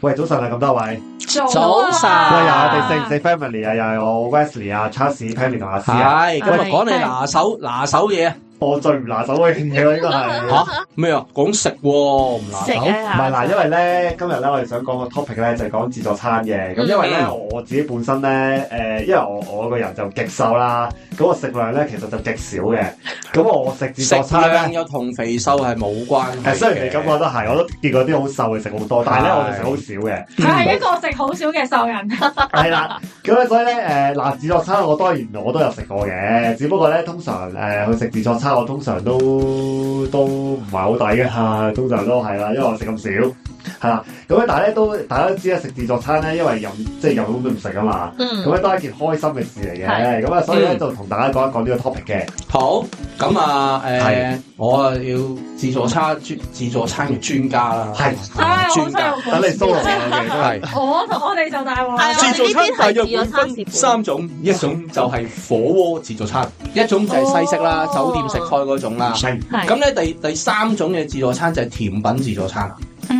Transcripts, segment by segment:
喂，早晨早啊，咁多位，早晨，喂，又係我們404 Family 啊，又係我 Wesley 啊，Charles Pammy 同阿詩唉，今日講是你拿手是拿手嘢。我最唔拿手嘅嘢咯，應該係吓咩啊？講食喎、啊，唔拿手。唔係嗱，因為咧今日咧，我哋想講個 topic 咧，就係、是、講自助餐嘅。咁、嗯、因為咧，麼我自己本身咧，誒，因為我我個人就極瘦啦，咁我食量咧其實就極少嘅。咁我食自助餐咧，同 肥瘦係冇關係。誒，雖然你咁覺得係，我都見過啲好瘦嘅食好多，但係咧的我哋食好少嘅。係一個食好少嘅瘦人。係 啦 ，咁咧所以咧，誒、呃、嗱，自助餐我當然我都有食過嘅，只不過咧通常誒去食自助餐，我通常都都唔係好抵嘅，通常都係啦，因為我食咁少。係啦，咁啊，但係都大家知咧，食自助餐咧，因為又即係任碗都唔食噶嘛。嗯。咁咧都係一件開心嘅事嚟嘅。係。咁啊，所以咧就同大家講一講呢個 topic 嘅。好。咁啊，誒，我啊要自助餐專自助餐嘅專家啦。係。啊，好等你 solo 都係。我我哋就大自助餐係有分三種，一種就係火鍋自助餐，一種就係西式啦，酒店食開嗰種啦。係。咁咧第第三種嘅自助餐就係甜品自助餐。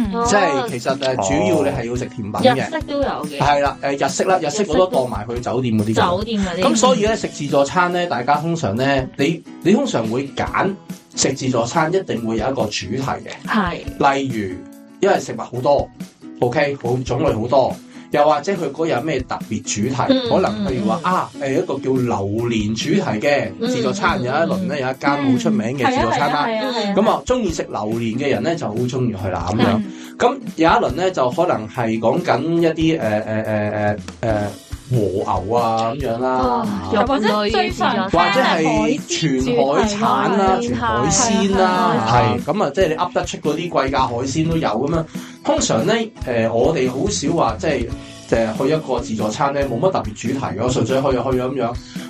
即係其實誒，主要你係要食甜品嘅，日式都有嘅。係啦，誒、呃，日式啦，日式我都，都當埋去酒店嗰啲。酒店嗰啲。咁所以咧食自助餐咧，大家通常咧，你你通常會揀食自助餐，一定會有一個主題嘅。係。例如，因為食物好多，OK，好種類好多。又或者佢嗰日咩特別主題，嗯、可能譬如話啊，誒一個叫榴槤主題嘅自助餐。嗯、有一輪咧，有一間好出名嘅自助餐啦，咁、嗯、啊鍾意食榴槤嘅人咧就好鍾意去啦咁樣。咁、嗯、有一輪咧就可能係講緊一啲誒誒誒誒誒。呃呃呃呃和牛啊咁樣啦，或者或者係全海產啊，海啊全海鮮啦，係咁啊，即係你噏得出嗰啲貴價海鮮都有咁樣。通常咧，誒、呃、我哋好少話，即係誒去一個自助餐咧，冇乜特別主題嘅，我純粹去就去咁樣，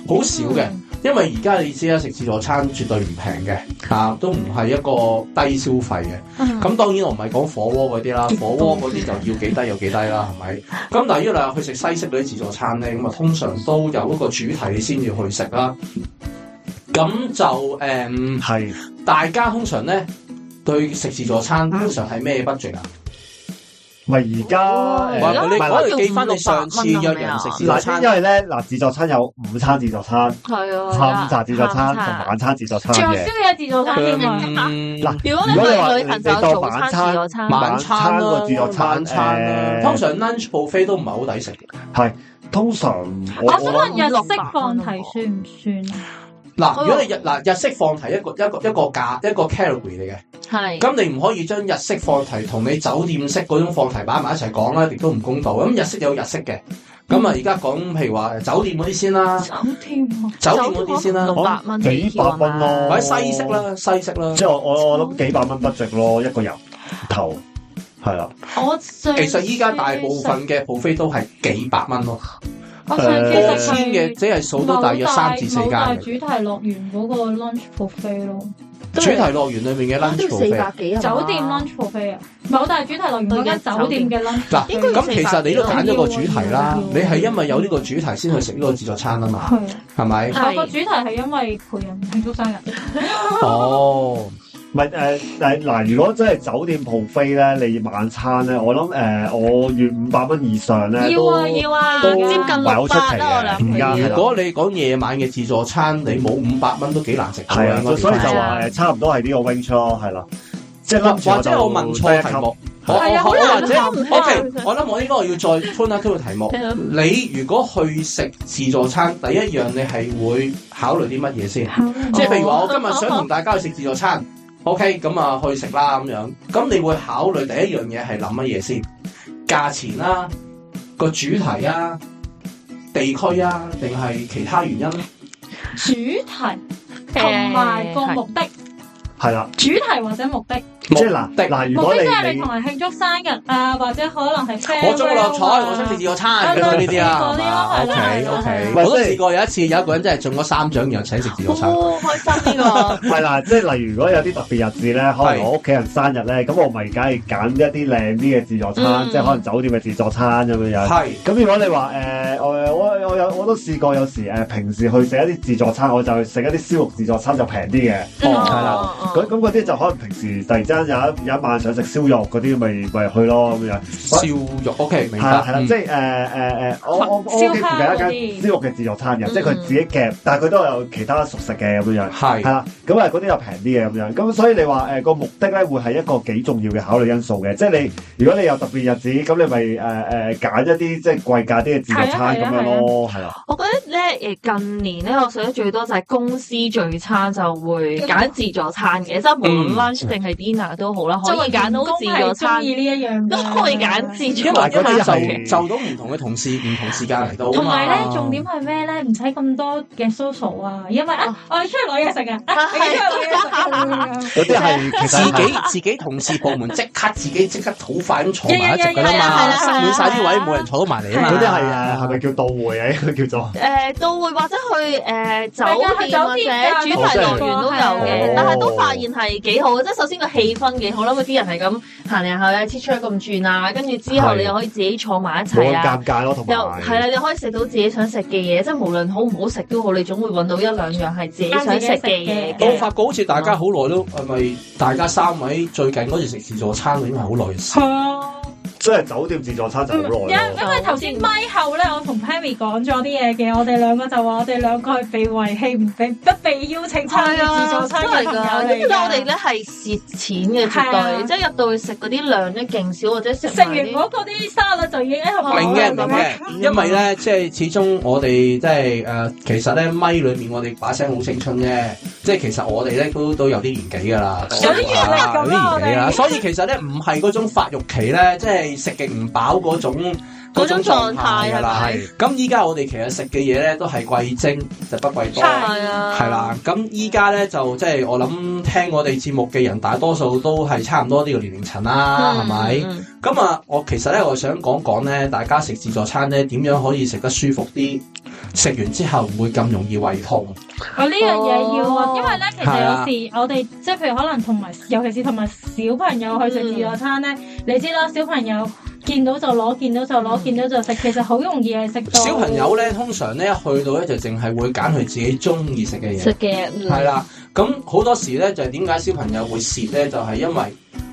好少嘅。嗯因為而家你知啦，食自助餐絕對唔平嘅，啊，都唔係一個低消費嘅。咁、嗯、當然我唔係講火鍋嗰啲啦，火鍋嗰啲就要幾低又幾低啦，係咪？ 咁但係如果話去食西式嗰啲自助餐咧，咁啊通常都有一個主題先要去食啦。咁就誒、係、嗯、是大家通常咧對食自助餐通常係咩 budget 啊？唔係而家，你我哋記返上次約人食自助餐，因為咧嗱，自助餐有午餐自助餐，係啊，下午茶自助餐、同晚餐自助餐嘅。仲有宵夜自助餐添啊！嗱，如果你話女朋友，做晚餐晚餐，晚餐個自助餐誒，通常 lunch buffet 都唔係好抵食嘅，係通常，我想問日式放題算唔算？嗱，如果你日嗱日式放題一個一個一個價一個 calorie 嚟嘅。係，咁你唔可以將日式放題同你酒店式嗰種放題擺埋一齊講啦，亦都唔公道。咁、嗯、日式有日式嘅，咁啊而家講，譬如話酒店嗰啲先啦，酒店嗰、啊、啲先啦，我六百啊啊、幾百蚊咯、啊，或者西式啦，西式啦，即係我我諗幾百蚊不值咯，一個人頭係啦。我其實依家大部分嘅 buffet 都係幾百蚊咯、啊。我五千嘅，即係數到大約三至四間。冇大主題樂園嗰個 lunch buffet 咯。主題樂園裏面嘅 lunch buffet 四百幾，酒店 lunch buffet 啊。冇大主題樂園間酒店嘅 lunch，嗱咁其實你都揀咗個主題啦。你係因為有呢個主題先去食呢個自助餐啊嘛？係咪？個主題係因為陪人慶祝生日。哦。唔係誒誒嗱，如果真係酒店 buffet 咧，你晚餐咧，我諗誒，我月五百蚊以上咧，要啊要啊，接近六百都好出奇嘅。如果你講夜晚嘅自助餐，你冇五百蚊都幾難食。係啊，所以就話誒，差唔多係呢個 wing 錯係啦，即係乜錯？或者我問錯題目，我好，或者 OK，我諗我應該我要再 point 下呢個題目。你如果去食自助餐，第一樣你係會考慮啲乜嘢先？即係譬如話，我今日想同大家去食自助餐。OK，咁啊去食啦咁樣，咁你會考慮第一樣嘢係諗乜嘢先？價錢啦、啊，個主題啊，地區啊，定係其他原因咧？主題同埋個目的。係啦，主題或者目的，即係嗱，嗱，如果你同人慶祝生日啊，或者可能係我中六合彩，我想食自助餐咁樣呢啲啊，係咪 OK，OK，我都試過有一次有一個人真係中咗三獎，然後請食自助餐，開心啲㗎嘛。係啦，即係例如如果有啲特別日子咧，可能我屋企人生日咧，咁我咪梗係揀一啲靚啲嘅自助餐，即係可能酒店嘅自助餐咁樣樣。係，咁如果你話誒我。我都試過有時誒，平時去食一啲自助餐，我就食一啲燒肉自助餐就平啲嘅，哦，係啦。咁嗰啲就可能平時突然之間有一有一晚想食燒肉嗰啲，咪咪去咯咁樣。燒肉 O K，明啦係啦，即係誒誒誒，我我我屋企附近一間燒肉嘅自助餐嘅，即係佢自己夾，但係佢都有其他熟食嘅咁樣，係係啦。咁啊嗰啲又平啲嘅咁樣，咁所以你話誒個目的咧會係一個幾重要嘅考慮因素嘅，即係你如果你有特別日子，咁你咪誒誒揀一啲即係貴價啲嘅自助餐咁樣咯。係啊，我覺得咧，誒，近年咧，我食得最多就係公司聚餐就會揀自助餐嘅，即係無論 lunch 定係 dinner 都好啦，可以揀到自助餐。中意呢一樣，都可以揀自助餐。因為嗰啲係就到唔同嘅同事唔同時間嚟到。同埋咧，重點係咩咧？唔使咁多嘅 social 啊，因為我要出去攞嘢食啊。有啲係自己自己同事部門即刻自己即刻討飯坐埋一齊噶啦嘛，晒啲位，冇人坐到埋嚟啊嘛。啲係啊，係咪叫倒回啊？佢叫做誒，都會、呃、或者去誒酒店或者主題樂園都有嘅。哦哦、但係都發現係幾好，即係首先個氣氛幾好啦。啲人係咁行嚟行去，切出去咁轉啊。跟住之後你又可以自己坐埋一齊啊，尷尬咯，同埋又係啦，你可以食到自己想食嘅嘢。即係無論好唔好食都好，你總會揾到一兩樣係自己想食嘅嘢。我發覺好似大家好耐都係咪？是是大家三位最近嗰陣食自助餐，已經係好耐。嗯即係酒店自助餐就好耐。因因為頭先咪後咧，我同 Pammy 講咗啲嘢嘅，我哋兩個就話我哋兩個係被遺棄，唔被不被邀請參加自助餐嚟噶。因為我哋咧係蝕錢嘅絕對，即係入到去食嗰啲量咧勁少，或者食食完嗰嗰啲沙律就已經明嘅，明嘅。因為咧即係始終我哋即係誒，其實咧咪裏面我哋把聲好青春嘅，即係其實我哋咧都都有啲年紀噶啦，有啲嘢咧年紀啦。所以其實咧唔係嗰種發育期咧，即係。食極唔飽嗰種嗰種狀態噶啦，係咁依家我哋其實食嘅嘢咧都係貴精就不貴多，係啦，啊。咁依家咧就即係我諗聽我哋節目嘅人，大多數都係差唔多呢個年齡層啦，係咪？咁啊，我其實咧我想講講咧，大家食自助餐咧點樣可以食得舒服啲。食完之後唔會咁容易胃痛。啊、哦，呢樣嘢要，因為咧，其實有時、啊、我哋即係譬如可能同埋，尤其是同埋小朋友去食自助餐咧，嗯、你知啦，小朋友見到就攞，見到就攞，嗯、見到就食，其實好容易係食。小朋友咧，通常咧一去到咧就淨係會揀佢自己中意食嘅嘢。食嘅嘢。係啦，咁好多時咧就係點解小朋友會蝕咧？就係、是、因為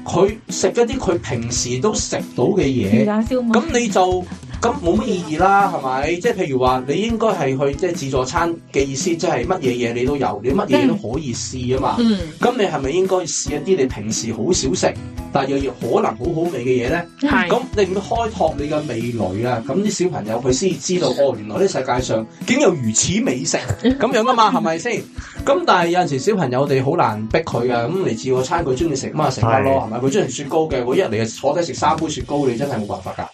佢食一啲佢平時都食到嘅嘢。咁你就。咁冇乜意義啦，係咪？即係譬如話，你應該係去即係自助餐嘅意思，即係乜嘢嘢你都有，你乜嘢都可以試啊嘛。咁、嗯、你係咪應該試一啲你平時好少食，但係又可能好好味嘅嘢咧？咁是你點開拓你嘅味蕾啊？咁啲小朋友佢先知道，哦，原來呢世界上竟有如此美食咁樣啊嘛，係咪先？咁 但係有陣時小朋友哋好難逼佢啊，咁你自助餐佢中意食啊嘛，食翻咯係咪？佢中意雪糕嘅，我一嚟坐低食三杯雪糕，你真係冇辦法㗎。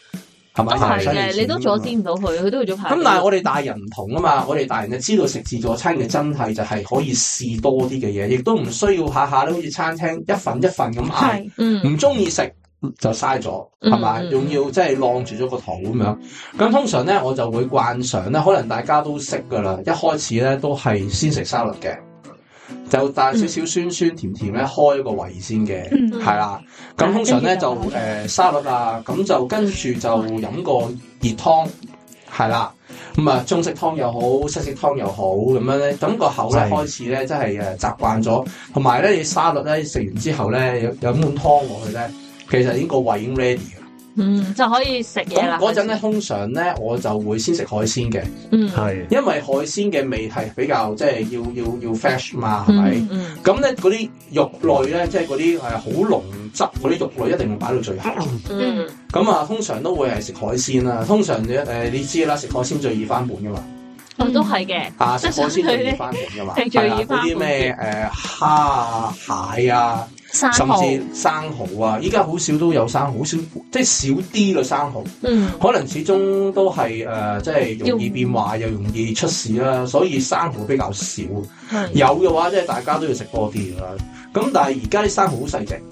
係咪？係嘅吧，你都阻止唔到佢，佢都要做排。咁但係我哋大人唔同啊嘛， 我哋大人就知道食自助餐嘅真係就係可以試多啲嘅嘢，亦都唔需要下下都好似餐廳一份一份咁嗌，唔中意食就嘥咗，係嘛，仲要即係浪住咗個肚咁樣。咁、嗯、通常咧，我就會慣常咧，可能大家都識噶啦，一開始咧都係先食沙律嘅。就帶少少酸酸甜甜咧，開個胃先嘅，係啦。咁通常咧就誒、呃、沙律啊，咁就跟住就飲個熱湯，係啦。咁啊中式湯又好，西式湯又好咁樣咧。咁個口咧的開始咧，真係誒習慣咗。同埋咧，你沙律咧食完之後咧，飲碗湯落去咧，其實已經個胃已經 ready。嗯，就可以食嘢啦。嗰陣咧，通常咧，我就會先食海鮮嘅、嗯嗯。嗯，係，因為海鮮嘅味係比較即係要要要 fresh 嘛，係咪？咁咧嗰啲肉類咧，即係嗰啲誒好濃汁嗰啲肉類，一定會擺到最後。嗯，咁啊，通常都會係食海鮮啦。通常誒、呃，你知啦，食海鮮最易翻本噶嘛。我都係嘅。啊，食海鮮最易翻本噶嘛。係、嗯、最易翻本。嗰啲咩誒蝦蟹啊？蟹蟹蟹啊啊啊甚至生蠔啊，依家好少都有生蠔，少即係少啲咯，生蠔。嗯，可能始終都係誒、呃，即係容易變壞要又容易出事啦，所以生蠔比較少。嗯、有嘅話，即係大家都要食多啲啦。咁但係而家啲生蠔好細隻，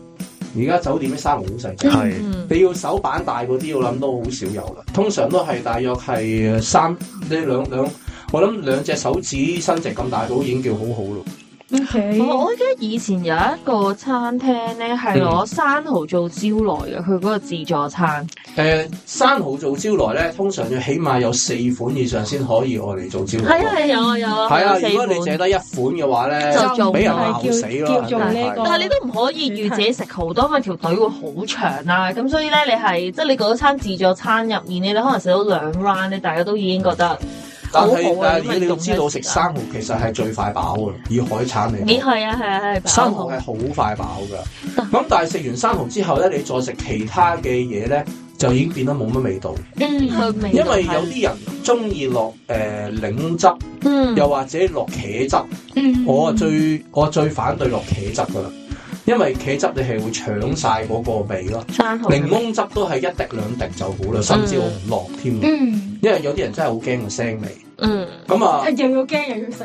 而家酒店啲生蠔好細隻。係、嗯、你要手板大嗰啲，我諗都好少有啦。通常都係大約係三呢係兩兩，我諗兩隻手指伸直咁大都已經叫好好咯。Okay. 我我記得以前有一個餐廳咧，係攞生蚝做招徠嘅，佢嗰個自助餐。誒、嗯呃，生蚝做招徠咧，通常要起碼有四款以上先可以我嚟做招徠。係啊係啊有啊有。係啊，如果你只得一款嘅話咧，四款就俾人鬧死咯。但係你都唔可以預自己食好多，因為條隊會好長啊。咁所以咧，你係即係你嗰餐自助餐入面咧，你可能食到兩 round 咧，大家都已經覺得。但係，但你、啊、你要知道，食生蚝其實係最快飽嘅，以海產嚟。你係啊，係啊，係。生蚝係好快飽噶，咁 但係食完生蚝之後咧，你再食其他嘅嘢咧，就已經變得冇乜味道。嗯， 因為有啲人中意落誒檸汁，嗯，又或者落茄汁，嗯，我最我最反對落茄汁噶啦。因為茄汁你係會搶晒嗰個味咯，好檸檬汁都係一滴兩滴就好啦，甚至我唔落添。嗯，因為有啲人真係好驚個腥味。嗯，咁啊就，又要驚又要食。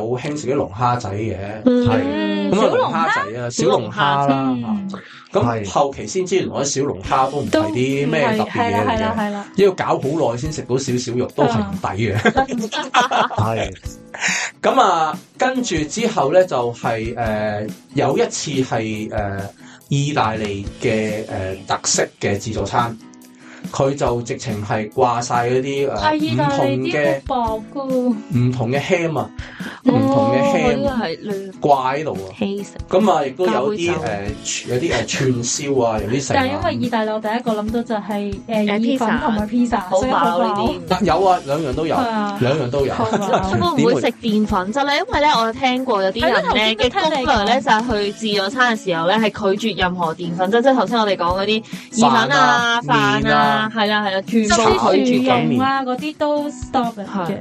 好興食啲龍蝦仔嘅，係咁啊，龍蝦仔啊，小龍蝦啦，咁後期先知原來啲小龍蝦都唔係啲咩特別嘢嚟嘅，要搞好耐先食到少少肉都係唔抵嘅，係咁啊，跟住之後咧就係誒有一次係誒意大利嘅誒特色嘅自助餐，佢就直情係掛晒嗰啲誒唔同嘅薄唔同嘅 ham 啊。唔同嘅香，乖到啊！咁啊，亦都有啲誒，有啲誒串燒啊，有啲食。但係因為意大利，我第一個諗到就係誒意粉同埋 pizza，好飽呢啲。有啊，兩樣都有，兩樣都有。會唔會食澱粉質咧？因為咧，我聽過有啲人嘅攻略咧，就係去自助餐嘅時候咧，係拒絕任何澱粉質，即係頭先我哋講嗰啲意粉啊、飯啊，係啦係啦，樹枝樹葉啊嗰啲都 stop 嘅。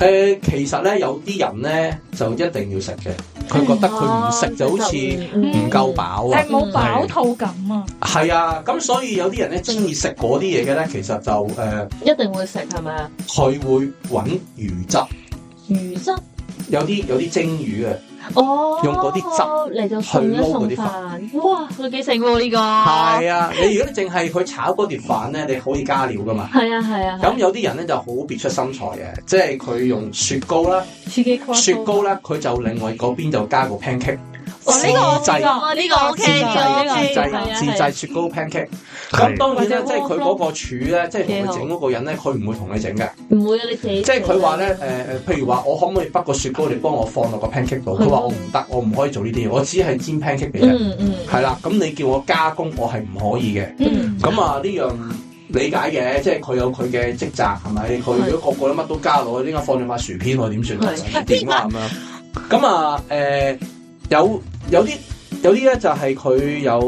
誒、呃，其實咧有啲人咧就一定要食嘅，佢覺得佢唔食就好似唔夠飽啊，係冇、嗯、飽肚感啊、嗯。係啊，咁所以有啲人咧鍾意食嗰啲嘢嘅咧，其實就誒，呃、一定會食係咪啊？佢會揾魚汁，魚汁有啲有啲蒸魚啊。哦，oh，用嗰啲汁嚟到去撈嗰啲飯，哇，佢幾成喎呢個！係啊，你如果你淨係去炒嗰碟飯咧，你可以加料㗎嘛。係啊，係啊。咁、啊、有啲人咧就好別出心裁嘅，即係佢用雪糕啦，刺激糕雪糕啦，佢就另外嗰邊就加個 pancake。自製，自製，自製，自製雪糕 pancake。咁當然啦，即係佢嗰個廚咧，即係同佢整嗰個人咧，佢唔會同你整嘅。唔會啊，你即係佢話咧，誒，譬如話我可唔可以滗個雪糕你幫我放落個 pancake 度？佢話我唔得，我唔可以做呢啲嘢，我只係煎 pancake 嘅。嗯嗯，係啦，咁你叫我加工，我係唔可以嘅。咁啊，呢樣理解嘅，即係佢有佢嘅職責，係咪？佢如果個個咧乜都加落去，應該放咗塊薯片，我點算？薯片啊，咁啊，誒，有。有啲有啲咧就係佢有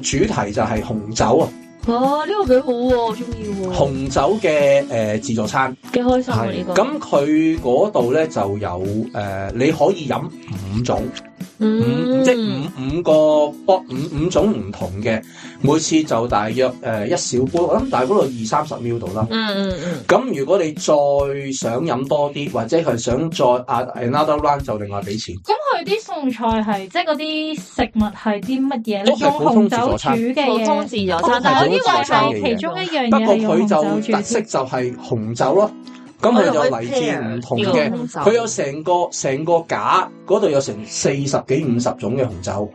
主題就係紅酒、這個、啊，啊呢個幾好，我中意紅酒嘅誒、呃、自助餐，幾開心啊呢是、這個，咁佢嗰度咧就有誒、呃、你可以飲五種。五即五五個噃五五種唔同嘅，每次就大約誒、呃、一小杯，我諗大概度二三十 ml 度啦。嗯嗯嗯。咁如果你再想飲多啲，或者係想再 a another round，o d 就另外俾錢。咁佢啲餸菜係即係嗰啲食物係啲乜嘢咧？都係普通自助餐嘅通自助餐。助餐但係呢個係其中一樣嘢，不過佢就特色就係紅酒咯。咁佢就嚟自唔同嘅，佢有成個成個架嗰度有成四十幾五十種嘅紅酒，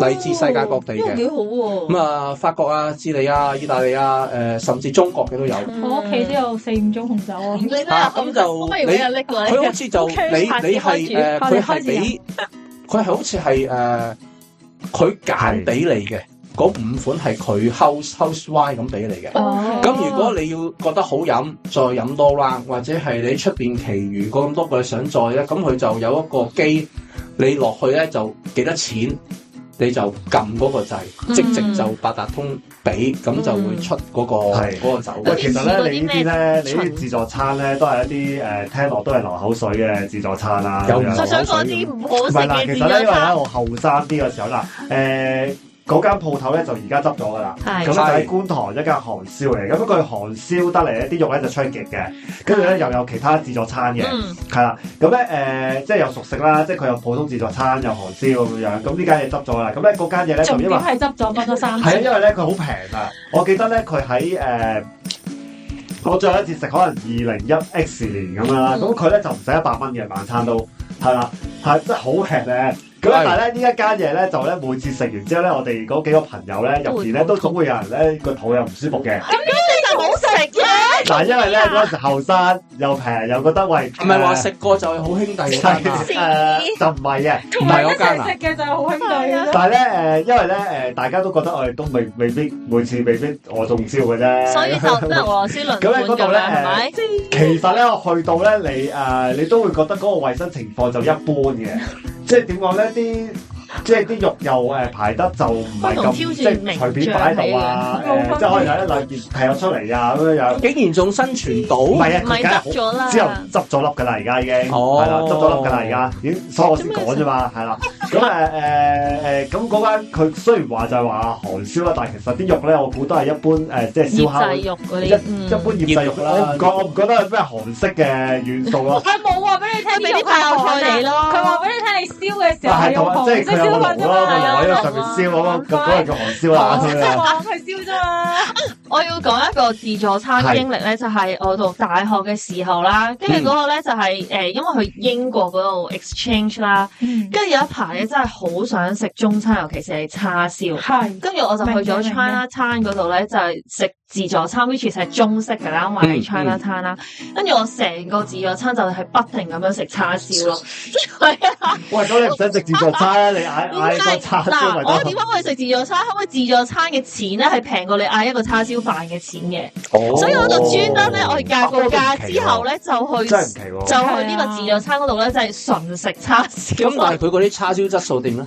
嚟自世界各地嘅。幾好，咁啊，法國啊、智利啊、意大利啊，誒，甚至中國嘅都有。我屋企都有四五種紅酒啊。吓咁就，佢好似就你你係誒，佢係俾，佢係好似係誒，佢揀俾你嘅。嗰五款係佢 house house wine 咁俾你嘅，咁、哦、如果你要覺得好飲，再飲多啦，或者係你出邊其餘咁多個想再咧，咁佢就有一個機，你落去咧就幾多錢，你就撳嗰個掣，即即就八達通俾，咁就會出嗰、嗰個嗰、嗯、酒。喂，其實咧你呢啲咧，你啲自助餐咧都係一啲誒，聽落都係流口水嘅自助餐啊，有想講啲唔好食嘅自助餐。唔係，其實呢因為咧我後生啲嘅時候啦，誒、欸。嗰間鋪頭咧就而家執咗噶啦，咁對就喺觀塘一間韓燒嚟，咁佢韓燒得嚟咧啲肉咧就出極嘅，跟住咧又有其他自助餐嘅，係啦、嗯，咁咧誒即係又熟食啦，即係佢有普通自助餐，有韓燒咁樣，咁呢間嘢執咗啦，咁咧嗰間嘢咧因為係執咗，翻咗三，係啊，因為咧佢好平啊， 我記得咧佢喺誒我最後一次食可能二零一 X 年咁樣啦，咁佢咧就唔使一百蚊嘅晚餐都係啦，係真係好食咧。咁但係咧呢一間嘢咧就咧每次食完之後咧，我哋嗰幾個朋友咧入邊咧都總會有人咧個肚又唔舒服嘅。咁咁你就好食嘅。但嗱，因為咧嗰陣時後生又平又覺得喂，唔係話食過就係好兄弟嘅。誒，就唔係嘅，唔係我食嘅就係好兄弟。但係咧誒，因為咧誒，大家都覺得我哋都未未必每次未必我中招嘅啫。所以就得俄羅斯輪盤咁喺度咧嘅係咪？其實咧，我去到咧，你誒，你都會覺得嗰個衛生情況就一般嘅。即係點講咧？啲即係啲肉又誒排得就唔係咁，即係隨便擺喺度啊！誒，即係可以有一兩件睇得出嚟啊！咁樣樣竟然仲生存到，唔係啊！佢而家好，之後執咗粒噶啦，而家已經係啦，執咗粒噶啦，而家已經，所以我先講啫嘛，係啦。咁誒誒誒，咁嗰間佢雖然話就係話韓燒啦，但係其實啲肉咧，我估都係一般誒，即係燒烤肉嗰啲，一般醃製肉啦。我唔講，我唔覺得有咩韓式嘅元素咯。係冇話俾你聽，啲肉係韓地咯。佢話俾你聽，你燒嘅時候係韓式。燒咯，特別燒咯，嗰個係紅燒啊，係啊，係燒啫嘛。我要講一個自助餐經歷咧，就係、是、我讀大學嘅時候啦，跟住嗰個咧就係、是、誒，嗯、因為去英國嗰度 exchange 啦，跟住有一排咧真係好想食中餐，尤其是係叉燒。係，跟住我就去咗 China 餐嗰度咧，就係食。自助餐，which 係中式噶啦，因為係 China Town 啦。跟住我成個自助餐就係不停咁樣食叉燒咯。係啊，喂，咁你唔使食自助餐咧？你嗌嗌個叉燒咪得？我點解可以食自助餐？可唔可以自助餐嘅錢咧係平過你嗌一個叉燒飯嘅錢嘅？哦，所以我就專登咧，我哋價過價之後咧就去，真係奇喎，就去呢個自助餐嗰度咧就係純食叉燒。咁但係佢嗰啲叉燒質素點咧？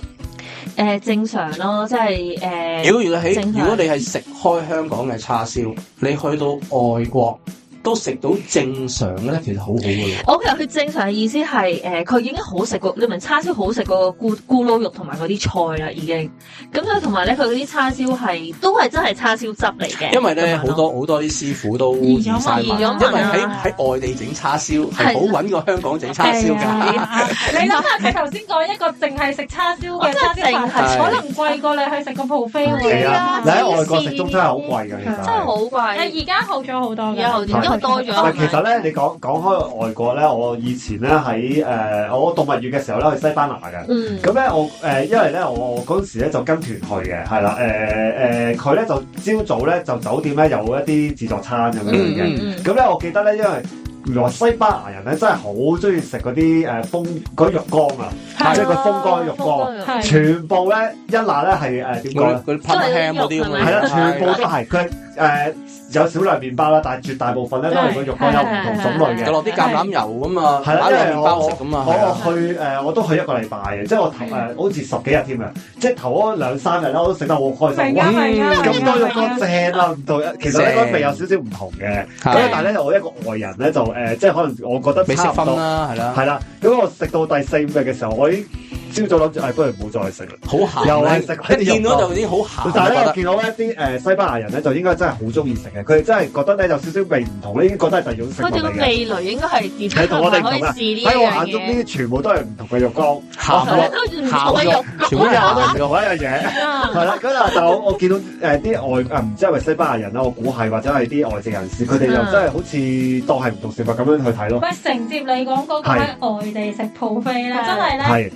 誒、呃、正常咯，即係誒。呃、如果正常如果你係食開香港嘅叉燒，你去到外國，都食到正常咧，其實好好嘅。我其實佢正常嘅意思係，誒佢已經好食過，你明唔明？叉燒好食過咕咕嚕肉同埋嗰啲菜啦，已經。咁咧同埋咧，佢嗰啲叉燒係都係真係叉燒汁嚟嘅。因為咧好多好多啲師傅都變曬法，因為喺喺外地整叉燒係好揾過香港整叉燒㗎。你諗下，佢頭先講一個淨係食叉燒嘅叉燒可能貴過你去食個 buffet 嘅。你喺外國食中真係好貴㗎，真係好貴。但而家好咗好多。唔係，其實咧，你講講開外國咧，我以前咧喺誒，我動物園嘅時候咧，去西班牙嘅。咁咧，我誒，因為咧，我嗰時咧就跟團去嘅，係啦，誒誒，佢咧就朝早咧就酒店咧有一啲自助餐咁樣嘅。咁咧，我記得咧，因為原來西班牙人咧真係好中意食嗰啲誒風嗰啲肉乾啊，即係個風乾肉乾，全部咧一拿咧係誒點講啊，嗰啲咁拼，係啦，全部都係佢誒。有少量麵包啦，但係絕大部分咧都係個肉乾，有唔同種類嘅，就落啲橄欖油咁嘛。係啦，因為我我去誒我都去一個禮拜嘅，即係我頭誒好似十幾日添啊，即係頭嗰兩三日咧我都食得好開心，哇！咁多肉乾正啊，到一其實個味有少少唔同嘅，咁但係咧我一個外人咧就誒即係可能我覺得差唔多係啦，係啦，咁我食到第四五日嘅時候我已經。朝早諗住誒，不如唔好再食啦，好鹹，又係食喺啲肉乾。見到就已經好鹹。但係咧，我見到一啲誒西班牙人咧，就應該真係好中意食嘅。佢哋真係覺得咧，有少少味唔同咧，已經覺得係第二種食物嚟嘅。嗰種味蕾應該係健康嘅。喺我眼中，呢啲全部都係唔同嘅肉乾。鹹，鹹嘅肉，好一樣嘢。係啦，嗰日就我見到誒啲外唔知係咪西班牙人啦，我估係或者係啲外籍人士，佢哋又真係好似當係唔同食物咁樣去睇咯。喂，承接你講嗰個喺外地食布菲咧，真係咧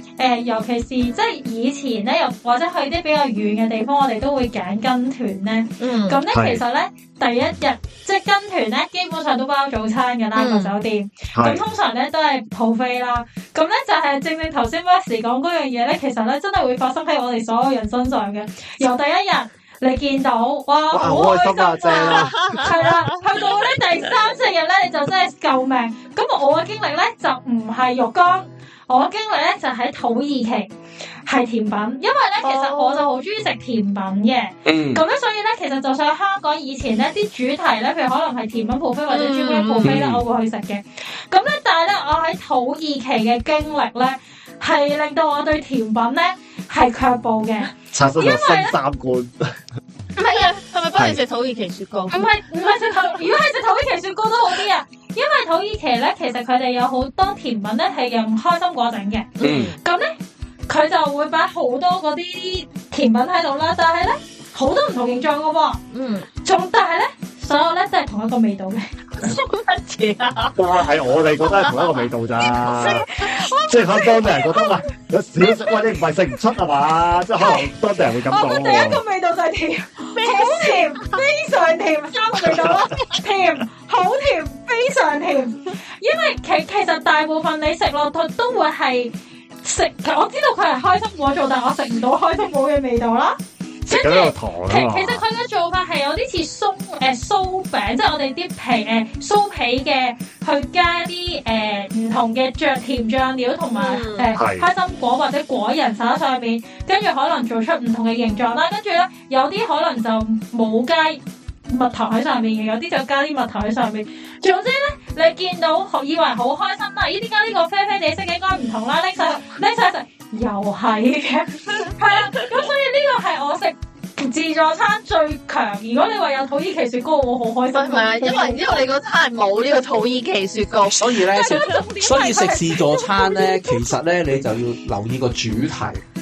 誒。尤其是即係以前咧，又或者去啲比較遠嘅地方，我哋都會揀跟團咧。嗯，咁咧其實咧，第一日即係跟團咧，基本上都包早餐㗎、嗯、有啦，個酒店。咁通常咧都係鋪飛啦。咁咧就係正正頭先嗰時講嗰樣嘢咧，其實咧真係會發生喺我哋所有人身上嘅。由第一日你見到哇，好哇開心啊！係啦，去到咧第三四日咧，你就真、是、係救命。咁我嘅經歷咧就唔係浴缸。我經歷咧就喺土耳其係甜品，因為咧其實我就好中意食甜品嘅，咁咧、嗯、所以咧其實就算喺香港以前咧啲主題咧，譬如可能係甜品 buffet 或者朱古力 buffet 咧，我會去食嘅。咁咧、嗯嗯、但係咧我喺土耳其嘅經歷咧係令到我對甜品咧係卻步嘅，刷新咗新三觀。唔係 啊，係咪幫你食土耳其雪糕？唔係唔係食，如果係食土耳其雪糕都好啲啊！因為土耳其咧，其實佢哋有好多甜品咧係用開心果整嘅，咁咧佢就會擺好多嗰啲甜品喺度啦。但係咧好多唔同形狀噶，嗯，仲但係咧所有咧都係同一個味道嘅。土耳其，咁 我哋覺得係同一個味道咋， 不是 即係可能當地人覺得啊不不有少食，或者唔係食唔出係嘛，即係可能當地人會咁覺得第一個味道就係甜，好甜，非常甜， 三個味道咯，甜，好甜。 非常甜，因為其其實大部分你食落肚都會係食，我知道佢係開心果做，但我食唔到開心果嘅味道啦。食咗 後糖、啊、其,其實佢嘅做法係有啲似酥誒酥餅，即係我哋啲皮誒酥、呃、皮嘅，去加啲誒唔同嘅著甜醬料同埋誒開心果或者果仁灑上面，跟住可能做出唔同嘅形狀啦。跟住咧，有啲可能就冇雞。蜜糖喺上面，嘅，有啲就加啲蜜糖喺上面。總之咧，你見到學以為好開心啦。咦？點解呢個啡啡哋色嘅應該唔同啦？拎上拎上就又係嘅，係啊、 嗯。咁所以呢個係我食自助餐最強。如果你話有土耳其雪糕，我好開心，係啊，因為因為你嗰餐冇呢個土耳其雪糕。嗯、所以咧所以食、嗯、自助餐咧， 其實咧 你就要留意個主題。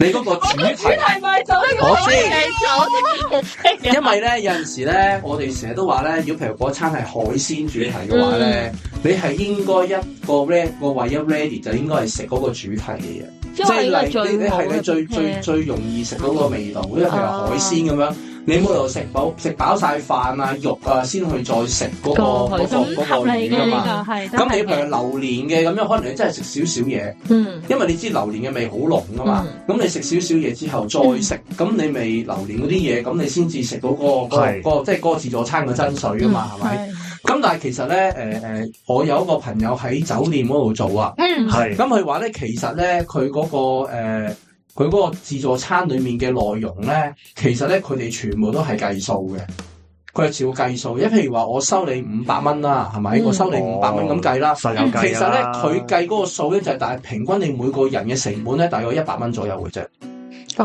你嗰個主題咪就係嗰個主題咯，因為咧有陣時咧，我哋成日都話咧，如果譬如嗰餐係海鮮主題嘅話咧，嗯、你係應該一個咧個唯一 ready 就應該係食嗰個主題嘅嘢，即係你你係你最的最最容易食到個味道，嗯、因為譬如海鮮咁樣。你冇度食飽食飽晒飯啊肉啊，先去再食嗰個嗰個嗰個嘢㗎嘛。咁你譬如榴蓮嘅咁樣，可能你真係食少少嘢。嗯，因為你知榴蓮嘅味好濃啊嘛。咁你食少少嘢之後再食，咁你未榴蓮嗰啲嘢，咁你先至食到個個即係嗰個自助餐嘅真水啊嘛，係咪？咁但係其實咧，誒誒，我有一個朋友喺酒店嗰度做啊。嗯，係。咁佢話咧，其實咧，佢嗰個佢嗰個自助餐裡面嘅內容咧，其實咧佢哋全部都係計數嘅，佢係照計數。一譬如話我收你五百蚊啦，係咪？嗯、我收你五百蚊咁計啦。嗯嗯、其實咧佢、哦、計嗰個數咧就係、是，大係平均你每個人嘅成本咧大概一百蚊左右嘅啫。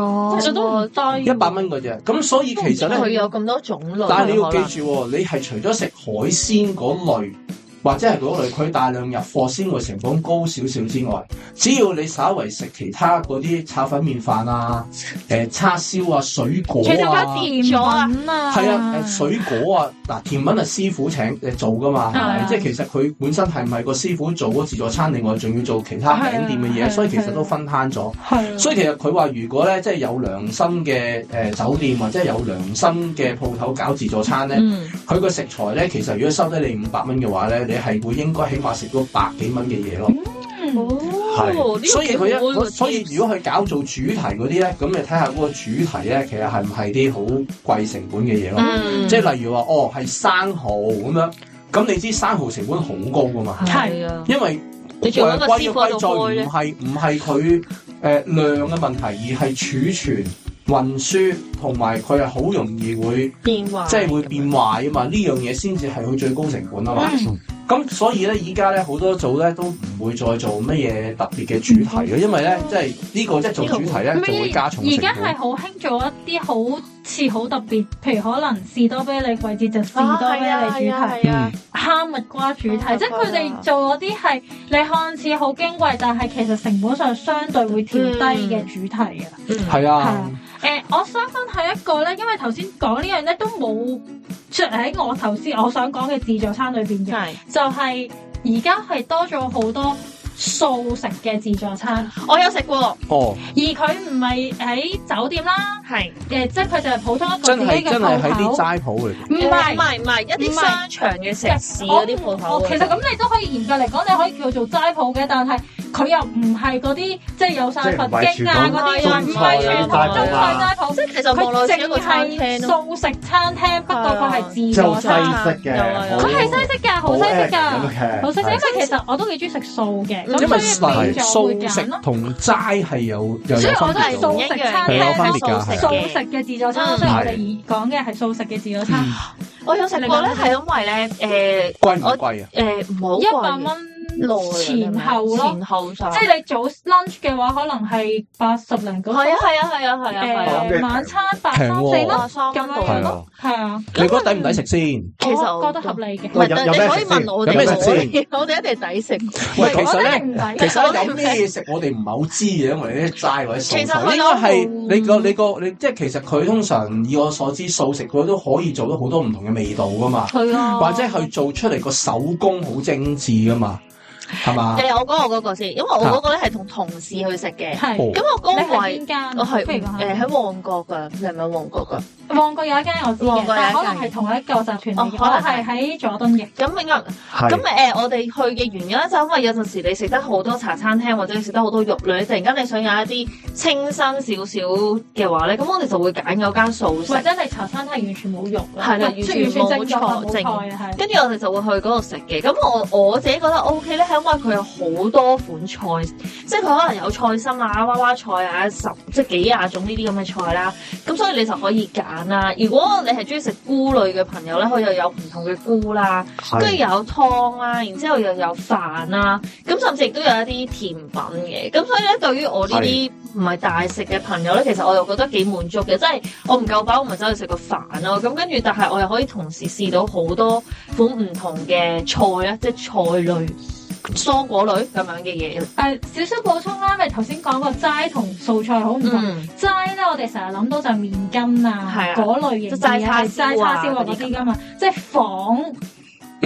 哦、嗯，其實都好低。一百蚊嘅啫。咁所以其實咧，佢有咁多種類。但係你要記住，能你係除咗食海鮮嗰類。或者係嗰類佢大量入貨先會成本高少少之外，只要你稍為食其他嗰啲炒粉麵飯啊、誒、呃、叉燒啊、水果啊，其實佢甜品啊，係啊，水果啊嗱，甜品啊師傅請誒做噶嘛，係咪？啊、即係其實佢本身係咪個師傅做嗰自助餐，另外仲要做其他餅店嘅嘢，所以其實都分攤咗。係，所以其實佢話如果咧，即係有良心嘅誒酒店或者係有良心嘅鋪頭搞自助餐咧，佢個、嗯、食材咧，其實如果收低你五百蚊嘅話咧。係會應該起碼食到百幾蚊嘅嘢咯，係，所以佢一，所以如果佢搞做主題嗰啲咧，咁你睇下嗰個主題咧，其實係唔係啲好貴成本嘅嘢咯？即係例如話，哦，係生蠔咁樣，咁你知生蠔成本好高噶嘛？係啊，因為誒貴嘅貴再唔係唔係佢誒量嘅問題，而係儲存、運輸同埋佢係好容易會變壞，即係會變壞啊嘛？呢樣嘢先至係佢最高成本啊嘛。咁所以咧，依家咧好多組咧都唔會再做乜嘢特別嘅主題嘅，因為咧、嗯、即係呢、呢個即係、呢個、做主題咧就會加重，而家係好興做一啲好似好特別，譬如可能士多啤梨季節，就士多啤梨主題，啊啊啊啊啊、哈密瓜主題，嗯嗯、即係佢哋做嗰啲係你看似好矜貴，但係其實成本上相對會調低嘅主題嘅。係、嗯嗯、啊，誒、啊嗯，我相信係一個咧，因為頭先講呢樣咧都冇。出喺我頭先我想講嘅自助餐裏邊嘅，是就係而家係多咗好多。素食嘅自助餐，我有食過。哦，而佢唔係喺酒店啦，係，誒，即係佢就係普通一個自己嘅鋪頭。真係真係係啲齋鋪嚟。唔係唔係唔係一啲商場嘅食肆嗰啲鋪頭。其實咁你都可以嚴格嚟講，你可以叫做齋鋪嘅，但係佢又唔係嗰啲即係有散佛經啊嗰啲啊五花全頭中菜齋鋪。即係其實佢淨係素食餐廳，不過佢係自助式嘅。佢係西式嘅，好西式嘅，好西式嘅。因為其實我都幾中意食素嘅。咁所以自助食同齋係有所以有啲唔一樣，你素食餐廳係。啊！素食嘅自助餐，嗯、雖然我哋講嘅係素食嘅自助餐。嗯、我有成、嗯、個咧係因為咧，誒我誒唔好貴一百蚊。前後咯，即係你早 lunch 嘅話，可能係八十零個。係啊係啊係啊係啊係。啊，晚餐八三四個雙金寶咯。係啊。你覺得抵唔抵食先？其實覺得合理嘅。唔係有咩？有咩食先？我哋一定抵食。其唔抵。其實有咩嘢食？我哋唔係好知嘅，因為啲齋或者素食應該係你個你個你，即係其實佢通常以我所知，素食佢都可以做到好多唔同嘅味道噶嘛。係啊。或者係做出嚟個手工好精致噶嘛。係嘛？誒，我講我嗰個先，因為我嗰個咧係同同事去食嘅。係。咁我嗰個係邊間？我係誒喺旺角㗎，你係咪旺角㗎？旺角有一間我知，但係可能係同一個集團。哦，可能係喺佐敦嘅。咁另外，咁誒，我哋去嘅原因就因為有陣時你食得好多茶餐廳或者你食得好多肉類，突然間你想有一啲清新少少嘅話咧，咁我哋就會揀有間素食。或者真係茶餐廳完全冇肉，係啦，完全冇菜。完全冇錯，跟住我哋就會去嗰度食嘅。咁我我自己覺得 O K 咧。因為佢有好多款菜，即係佢可能有菜心啊、娃娃菜啊、十即係幾廿種呢啲咁嘅菜啦。咁所以你就可以揀啦。如果你係中意食菇類嘅朋友咧，佢又有唔同嘅菇啦，跟住是有湯啦，然之後又有飯啦。咁甚至亦都有一啲甜品嘅。咁所以咧，對於我呢啲唔係大食嘅朋友咧，是其實我又覺得幾滿足嘅。即係我唔夠飽，我咪走去食個飯咯。咁跟住，但係我又可以同時試到好多款唔同嘅菜咧，即係菜類。蔬果類咁樣嘅嘢，誒、uh,，少少補充啦，咪為頭先講個齋同素菜好唔同，齋咧、嗯、我哋成日諗到就係麵筋啊，嗰、啊、類嘢齋、啊、叉燒啊嗰啲噶嘛，啊啊、樣即係仿。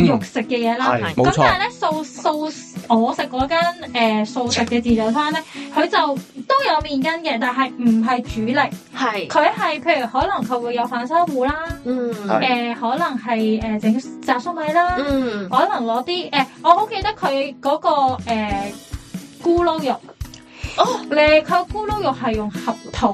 肉食嘅嘢啦，咁、嗯嗯、但係咧錯素素，我食嗰間誒素食嘅自助餐咧，佢就都有麵筋嘅，但係唔係主力。係佢係譬如可能佢會有粉絲糊啦，誒可能係誒整炸粟米啦，可能攞啲誒，我好記得佢嗰、嗰個誒、呃、咕嚕肉。哦，嚟佢咕嚕肉係用核桃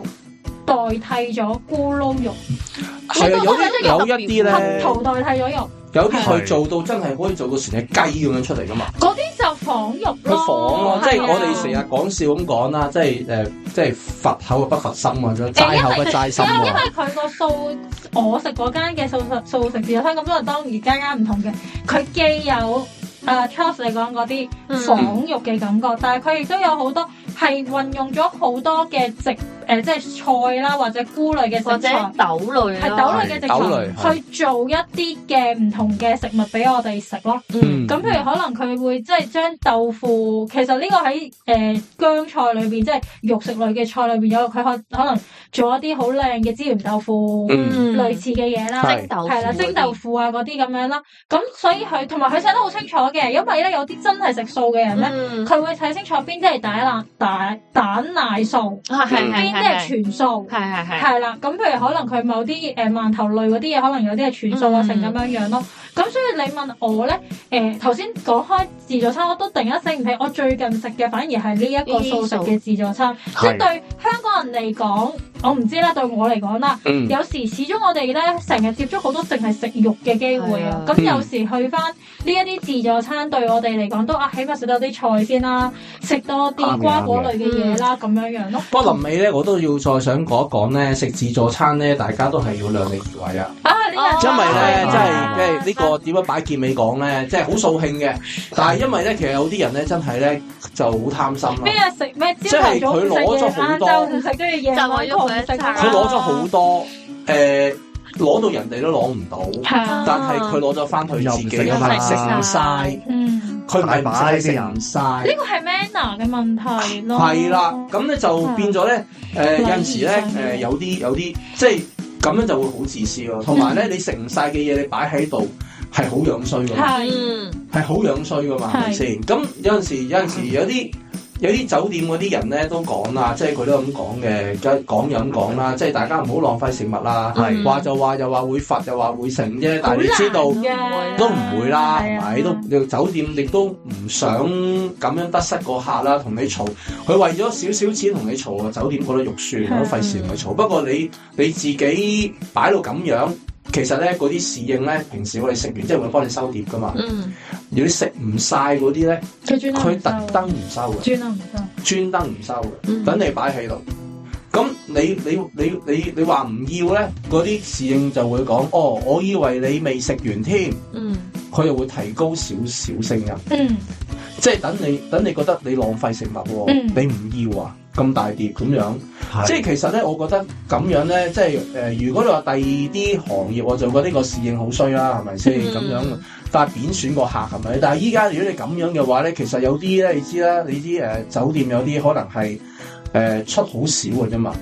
代替咗咕嚕肉，嗯、有有、嗯、有有有一啲咧核桃代替咗肉。啊哦哦哦哦哦。有啲佢做到真係可以做到成隻雞咁樣出嚟噶嘛？嗰啲就仿肉咯，佢仿咯，吧即係我哋成日講笑咁講啦，即係誒，即係佛口不佛心啊，齋口不齋心啊。因為佢個素我素素食嗰間嘅素，素食自然香咁樣，當而家啱唔同嘅，佢既有誒 Charles 你講嗰啲仿肉嘅感覺，但係佢亦都有好多係運用咗好多嘅植。誒，即係菜啦，或者菇類嘅食材，豆類啦，豆類嘅食材，去做一啲嘅唔同嘅食物俾我哋食咯。咁譬如可能佢會即係將豆腐，其實呢個喺誒姜菜裏邊，即係肉食類嘅菜裏邊有，佢可可能做一啲好靚嘅芝源豆腐，類似嘅嘢啦，蒸豆，係啦，蒸豆腐啊嗰啲咁樣啦。咁所以佢同埋佢寫得好清楚嘅，因為咧有啲真係食素嘅人咧，佢會睇清楚邊啲係蛋蛋蛋奶素，係。即係全數，係係係，係 啦。咁譬 如可能佢某啲誒饅頭類嗰啲嘢，可能有啲係全數啊成咁樣樣咯。等等 咁所以你問我咧，誒頭先講開自助餐，我都突然間醒唔起，我最近食嘅反而係呢一個素食嘅自助餐，數即對香港人嚟講，我唔知啦。對我嚟講啦，嗯、有時始終我哋咧成日接觸好多淨係食肉嘅機會啊，咁、嗯、有時去翻呢一啲自助餐對我哋嚟講都啊，起碼食到啲菜先啦，食多啲瓜果的類嘅嘢啦，咁、嗯、樣樣咯。不過臨尾咧，我都要再想講一講咧，食自助餐咧，大家都係要量力而為啊。 因為咧，即係即係呢個點樣擺結尾講咧，即係好掃興嘅。但係因為咧，其實有啲人咧，真係咧就好貪心啦。邊日食咩？朝頭早食嘢，晏晝係都要夜晚同佢食。佢攞咗好多，誒，攞到人哋都攞唔到。但係佢攞咗翻佢自己又食唔晒。嗯。佢唔係擺食唔晒。呢個係 manner 嘅問題咯。係啦，咁咧就變咗咧，誒，有陣時咧，誒，有啲有啲即係。咁樣就會好自私咯，同埋咧，嗯、你食唔晒嘅嘢，你擺喺度係好樣衰嘅嘛，係，係好樣衰嘅嘛，係咪先？咁有陣時，有陣時有啲。有啲酒店嗰啲人咧都講啦，即係佢都咁講嘅，講又咁講啦，即係大家唔好浪費食物啦。話、mm hmm. 就話又話會罰又話會剩啫，但係你知道都唔會啦，係咪、啊、都酒店亦都唔想咁樣得失個客啦，同你嘈。佢為咗少少錢同你嘈啊，酒店覺得肉酸，都費事同佢嘈。不過你你自己擺到咁樣。其實咧嗰啲侍應咧，平時我哋食完即係會幫你收碟噶嘛。嗯。如果你食唔晒嗰啲咧，佢特登唔收嘅。專登唔收。專登唔收嘅、嗯，等你擺喺度。咁你你你你你話唔要咧，嗰啲侍應就會講：哦，我以為你未食完添。嗯。佢又會提高少少聲音。嗯。即係等你等你覺得你浪費食物喎、哦，嗯、你唔要啊！咁大碟咁樣，的即係其實咧，我覺得咁樣咧，即係誒、呃，如果你話第二啲行業，我就覺呢個侍應好衰啦，係咪先？咁、嗯、樣，但係揀選個客係咪？但係依家如果你咁樣嘅話咧，其實有啲咧，你知啦，你啲誒、呃、酒店有啲可能係誒、呃、出好少嘅啫嘛，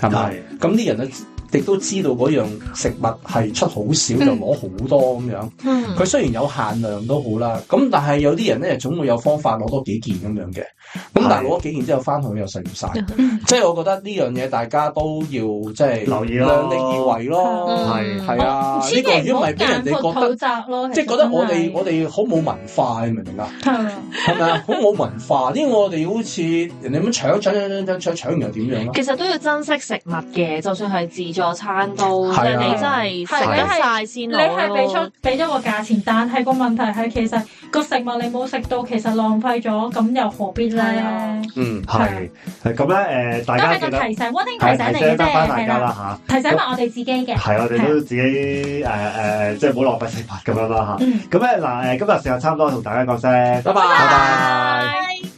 係咪？咁啲的人咧。亦都知道嗰樣食物係出好少，就攞好多咁樣，嗯，佢雖然有限量都好啦，咁但係有啲人咧，總會有方法攞多幾件咁樣嘅，咁但攞咗幾件之後翻去又食唔晒，即係我覺得呢樣嘢大家都要即係留意咯，量力而為咯，係係啊，呢個如果唔係俾人哋覺得即係覺得我哋我哋好冇文化，你明唔明啊？係咪啊？好冇文化，呢個我哋好似人哋咁搶搶搶搶搶搶完又點樣咧？其實都要珍惜食物嘅，就算係自助。餐都，你真係食晒先，你係俾出俾咗個價錢，但係個問題係其實個食物你冇食到，其實浪費咗，咁又何必咧？嗯，係係咁咧，誒，大家嘅提醒，溫馨提醒你嘅啫，係啦。提醒埋我哋自己嘅，係我哋都自己誒誒，即係冇浪費食物咁樣啦吓。咁咧嗱，誒，今日時間差唔多，同大家講聲，拜拜，拜拜。